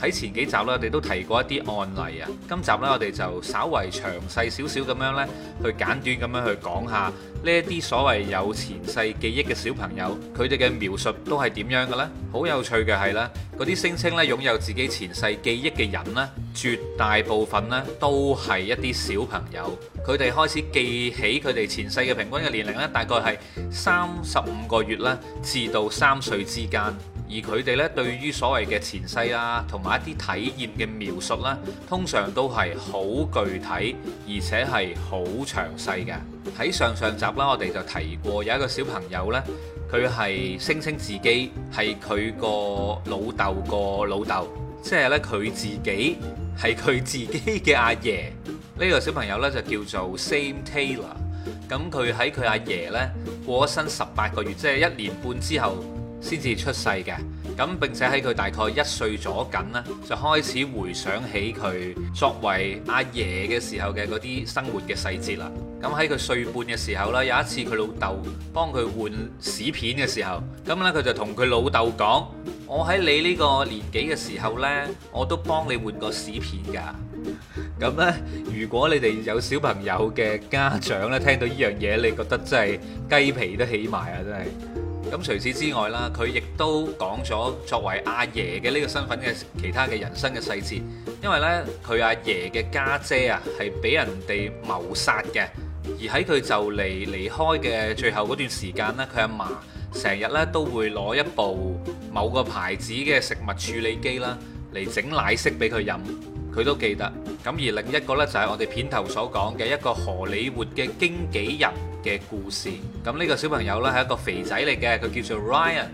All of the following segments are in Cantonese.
喺前幾集咧，我哋都提過一啲案例啊。今集咧，我哋就稍為詳細少少咁樣咧，去簡短咁樣去講下呢一啲所謂有前世記憶嘅小朋友，佢哋嘅描述都係點樣嘅呢？好有趣嘅係啦，嗰啲聲稱咧擁有自己前世記憶嘅人咧，絕大部分咧都係一啲小朋友，佢哋開始記起佢哋前世嘅平均嘅年齡咧，大概係三十五個月咧至到三歲之間。而佢哋咧對於所謂嘅前世啊，同埋一啲體驗嘅描述咧，通常都係好具體，而且係好詳細嘅。喺上上集啦，我哋就提過有一個小朋友呢，佢係聲稱自己係佢個老豆個老豆，即係呢佢自己係佢自己嘅阿爺。呢、這個小朋友呢，就叫做 Sam Taylor，咁佢喺佢阿爺咧過咗身十八個月，即係一年半之後。先至出世嘅，咁並且喺佢大概一歲左右呢，就開始回想起佢作為阿爺嘅時候嘅嗰啲生活嘅細節啦。咁喺佢歲半嘅時候呢，有一次佢老豆幫佢換屎片嘅時候，咁呢，佢就同佢老豆講：我喺你呢個年紀嘅時候呢，我都幫你換過屎片㗎。咁呢，如果你哋有小朋友嘅家長呢，聽到呢樣嘢，你覺得真係雞皮都起埋啊，真係！咁除此之外啦，佢亦都講咗作為阿爺嘅呢個身份嘅其他嘅人生嘅細節，因為咧，佢阿爺嘅家姐啊，係俾人哋謀殺嘅，而喺佢就嚟離離開嘅最後嗰段時間咧，佢阿嫲成日咧都會攞一部某個牌子嘅食物處理機啦，嚟整奶昔俾佢飲。佢都記得，咁而另一個呢，就係我哋片頭所講嘅一個荷里活嘅經紀人嘅故事。咁呢個小朋友呢，係一個肥仔嚟嘅，佢叫做 Ryan。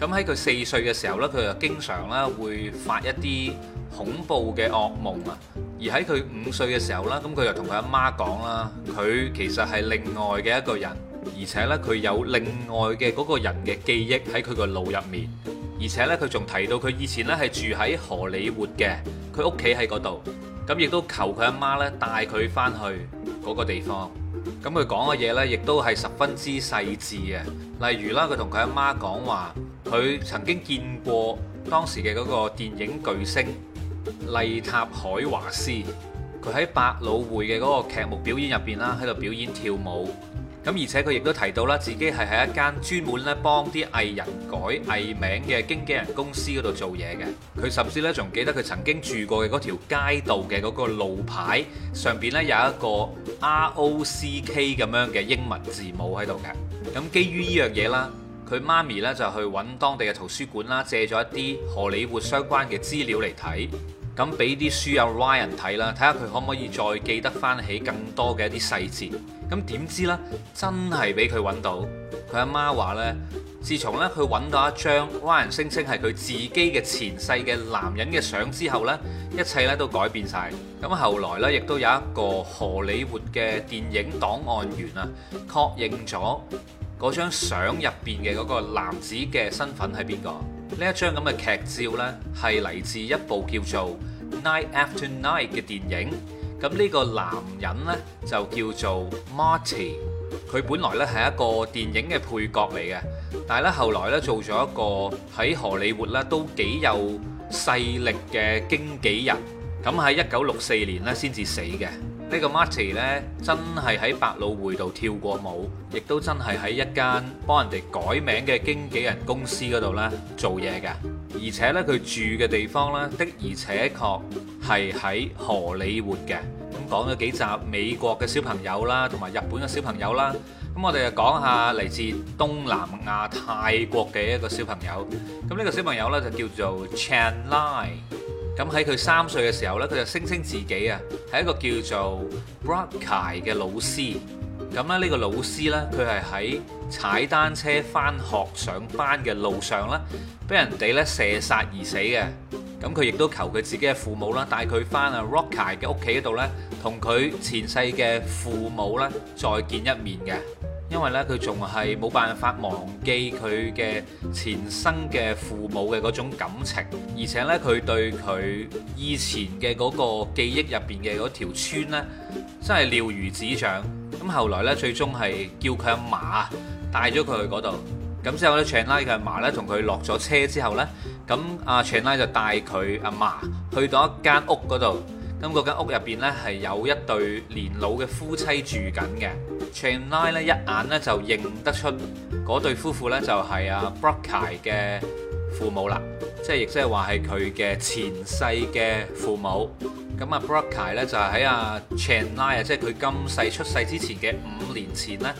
咁喺佢四歲嘅時候呢，佢就經常咧會發一啲恐怖嘅噩夢啊。而喺佢五歲嘅時候呢，咁佢又同佢阿媽講啦，佢其實係另外嘅一個人，而且呢，佢有另外嘅嗰個人嘅記憶喺佢個腦入面。而且咧，佢仲提到佢以前咧係住喺荷里活嘅，佢屋企喺嗰度，咁亦都求佢阿媽咧帶佢翻去嗰個地方。咁佢講嘅嘢咧，亦都係十分之細緻嘅。例如啦，佢同佢阿媽講話，佢曾經見過當時嘅嗰個電影巨星麗塔海華斯，佢喺百老匯嘅嗰個劇目表演入邊啦，喺度表演跳舞。咁而且佢亦都提到啦，自己係喺一間專門咧幫啲藝人改藝名嘅經紀人公司嗰度做嘢嘅。佢甚至咧仲記得佢曾經住過嘅嗰條街道嘅嗰個路牌上邊咧有一個 R O C K 咁樣嘅英文字母喺度嘅。咁基於呢樣嘢啦，佢媽咪咧就去揾當地嘅圖書館啦，借咗一啲荷里活相關嘅資料嚟睇。咁俾啲書友 Ryan 睇啦，睇下佢可唔可以再記得翻起更多嘅一啲細節。咁點知呢？真係俾佢揾到。佢阿媽話呢，自從呢，佢揾到一張 Ryan 聲稱係佢自己嘅前世嘅男人嘅相之後呢，一切呢都改變晒。咁後來呢，亦都有一個荷里活嘅電影檔案員啊，確認咗嗰張相入邊嘅嗰個男子嘅身份係邊個。呢一張咁嘅劇照呢，係嚟自一部叫做《Night After Night》嘅電影。咁、這、呢個男人呢，就叫做 Marty，佢本來呢係一個電影嘅配角嚟嘅，但係咧後來呢，做咗一個喺荷里活咧都幾有勢力嘅經紀人。咁喺一九六四年呢，先至死嘅。個呢個 Marty 咧真係喺百老匯度跳過舞，亦都真係喺一間幫人哋改名嘅經紀人公司嗰度咧做嘢嘅，而且呢，佢住嘅地方呢的而且確係喺荷里活嘅。咁、嗯、講咗幾集美國嘅小朋友啦，同埋日本嘅小朋友啦，咁、嗯、我哋就講下嚟自東南亞泰國嘅一個小朋友。咁、嗯、呢、呢個小朋友呢，就叫做 Chan Lin。咁喺佢三歲嘅時候呢，佢就聲稱自己啊係一個叫做 Rocky 嘅老師。咁咧呢個老師呢，佢係喺踩單車翻學上班嘅路上咧，俾人哋呢射殺而死嘅。咁佢亦都求佢自己嘅父母啦，帶佢翻啊 Rocky 嘅屋企度呢，同佢前世嘅父母呢，再見一面嘅。因為咧，佢仲係冇辦法忘記佢嘅前生嘅父母嘅嗰種感情，而且咧，佢對佢以前嘅嗰個記憶入邊嘅嗰條村咧，真係了如指掌。咁後來咧，最終係叫佢阿嫲帶咗佢去嗰度。咁之後咧，Chandler 嘅阿嫲咧同佢落咗車之後咧，咁阿 Chandler 就帶佢阿嫲去到一間屋嗰度。咁嗰間屋入邊呢，係有一對年老嘅夫妻住緊嘅，Cheney 咧一眼呢，就認得出嗰對夫婦呢，就係阿 Brooke 嘅父母啦，即係亦即係話係佢嘅前世嘅父母。咁啊，Brooke 呢，就喺阿 Cheney 啊，即係佢今世出世之前嘅五年前呢。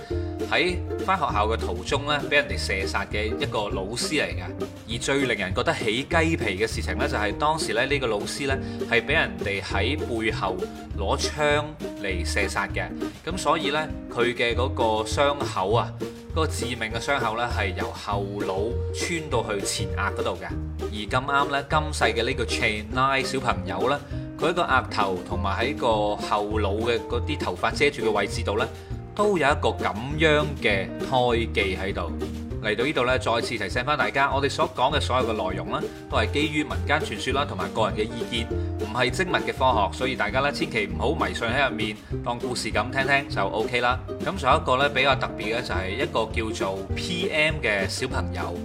喺翻學校嘅途中呢俾人哋射殺嘅一個老師嚟嘅。而最令人覺得起雞皮嘅事情呢，就係當時咧呢個老師呢係俾人哋喺背後攞槍嚟射殺嘅。咁所以呢，佢嘅嗰個傷口啊，嗰個致命嘅傷口呢，係由後腦穿到去前額嗰度嘅。而咁啱呢，今世嘅呢個 Chanel 小朋友呢，佢一個額頭同埋喺個後腦嘅嗰啲頭髮遮住嘅位置度呢。都有一個咁樣嘅胎記喺度。嚟到呢度咧，再次提醒返大家，我哋所講嘅所有嘅內容咧，都係基於民間傳說啦，同埋個人嘅意見，唔係精密嘅科學，所以大家咧千祈唔好迷信喺入面，當故事咁聽聽就 OK 啦。咁仲有一個咧比較特別嘅就係一個叫做 PM 嘅小朋友，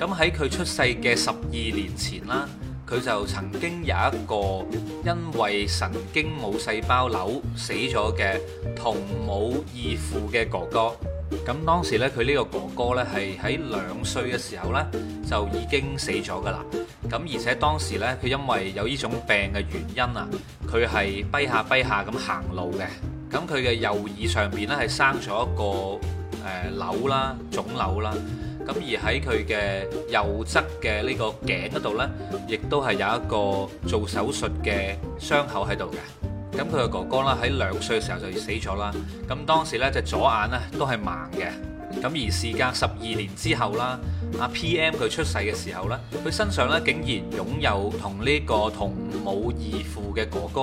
咁喺佢出世嘅十二年前啦。佢就曾經有一個因為神經母細胞瘤死咗嘅同母異父嘅哥哥。咁當時咧，佢呢個哥哥咧係喺兩歲嘅時候咧就已經死咗㗎啦。咁而且當時咧，佢因為有呢種病嘅原因啊，佢係跛下跛下咁行路嘅。咁佢嘅右耳上邊咧係生咗一個誒瘤啦、腫瘤啦。咁而喺佢嘅右側嘅呢個頸嗰度呢，亦都係有一個做手術嘅傷口喺度嘅。咁佢嘅哥哥啦，喺兩歲嘅時候就死咗啦。咁當時呢，隻左眼呢都係盲嘅。咁而事隔十二年之後啦，阿、啊、P.M. 佢出世嘅時候呢，佢身上呢竟然擁有同呢個同母異父嘅哥哥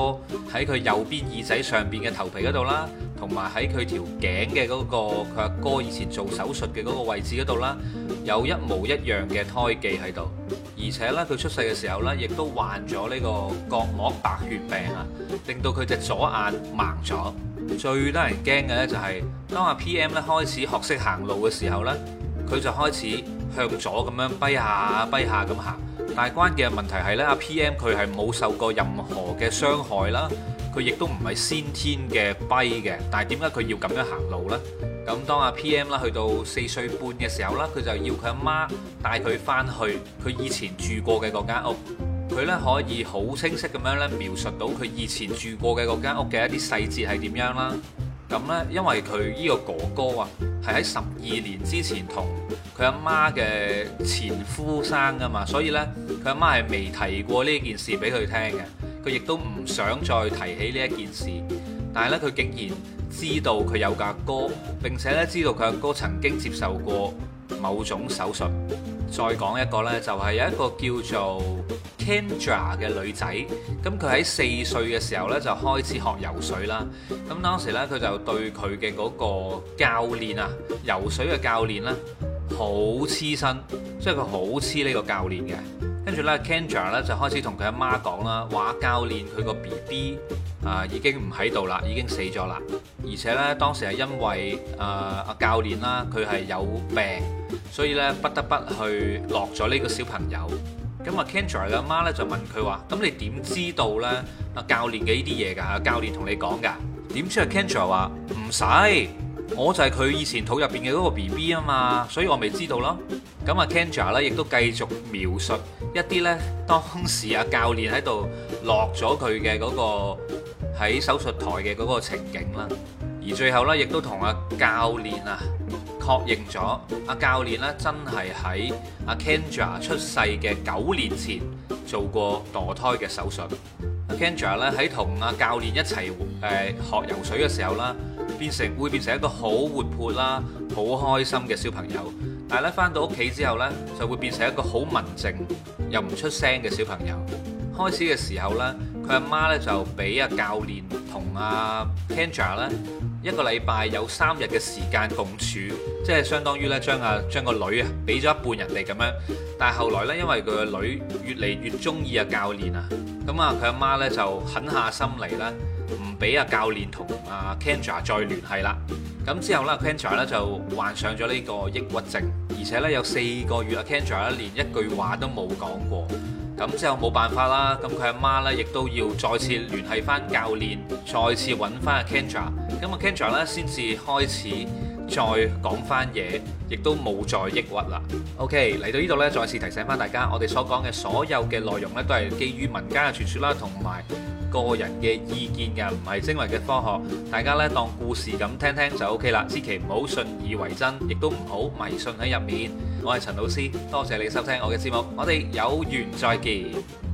喺佢右邊耳仔上邊嘅頭皮嗰度啦。同埋喺佢條頸嘅嗰個佢阿哥以前做手術嘅嗰個位置嗰度啦，有一模一樣嘅胎記喺度。而且呢，佢出世嘅時候呢，亦都患咗呢個角膜白血病啊，令到佢隻左眼盲咗。最得人驚嘅呢，就係當阿 PM 呢開始學識行路嘅時候呢，佢就開始向左咁樣跛下跛下咁行。但係關鍵嘅問題係呢，阿 PM 佢係冇受過任何嘅傷害啦。佢亦都唔係先天嘅跛嘅，但係點解佢要咁樣行路呢？咁當阿 P.M. 啦去到四歲半嘅時候啦，佢就要佢阿媽帶佢翻去佢以前住過嘅嗰間屋。佢呢可以好清晰咁樣呢描述到佢以前住過嘅嗰間屋嘅一啲細節係點樣啦。咁呢，因為佢呢個哥哥啊係喺十二年之前同佢阿媽嘅前夫生噶嘛，所以呢，佢阿媽係未提過呢件事俾佢聽嘅。佢亦都唔想再提起呢一件事，但係咧，佢竟然知道佢有個哥哥，並且咧知道佢阿哥曾經接受過某種手術。再講一個呢，就係有一個叫做 Kendra 嘅女仔，咁佢喺四歲嘅時候呢，就開始學游水啦。咁當時呢，佢就對佢嘅嗰個教練啊，游水嘅教練啦，好黐身，即係佢好黐呢個教練嘅。跟住咧 Kendra 咧就開始同佢阿媽講啦。話教練佢個 BB 啊，已經唔喺度啦，已經死咗啦。而且咧，當時係因為誒阿、呃、教練啦，佢係有病，所以咧不得不去落咗呢個小朋友。咁、嗯、啊 Kendra 嘅阿媽咧就問佢話：咁你點知道咧？阿教練嘅呢啲嘢㗎？教練同你講㗎？點知啊 Kendra 話唔使，我就係佢以前肚入邊嘅嗰個 BB 啊嘛，所以我未知道咯。咁、嗯、啊 Kendra 咧亦都繼續描述。一啲咧，當時阿教練喺度落咗佢嘅嗰個喺手術台嘅嗰個情景啦。而最後咧，亦都同阿教練啊確認咗，阿教練咧真係喺阿 Kendra 出世嘅九年前做過墮胎嘅手術。阿、啊、Kendra 咧喺同阿教練一齊誒學游水嘅時候啦，變成會變成一個好活潑啦、好開心嘅小朋友。但係咧，翻到屋企之後咧，就會變成一個好文靜又唔出聲嘅小朋友，開始嘅時候呢，佢阿媽呢就俾阿教練同阿 Candra 呢一個禮拜有三日嘅時間共處，即係相當於呢將阿將個女啊俾咗一半人哋咁樣。但係後來呢，因為佢個女越嚟越中意阿教練啊，咁啊佢阿媽呢就狠下心嚟啦，唔俾阿教練同阿 Candra 再聯繫啦。咁之後呢 Candra 呢就患上咗呢個抑鬱症，而且呢有四個月啊，Candra 呢連一句話都冇講過。咁之後冇辦法啦，咁佢阿媽呢亦都要再次聯繫翻教練，再次揾翻阿 Candra。咁啊，Candra 呢先至開始再講翻嘢，亦都冇再抑鬱啦。OK，嚟到呢度呢，再次提醒翻大家，我哋所講嘅所有嘅內容呢，都係基於民間嘅傳説啦，同埋，個人嘅意見㗎，唔係精確嘅科學，大家咧當故事咁聽聽就 OK 啦，千祈唔好信以為真，亦都唔好迷信喺入面。我係陳老師，多謝你收聽我嘅節目，我哋有緣再見。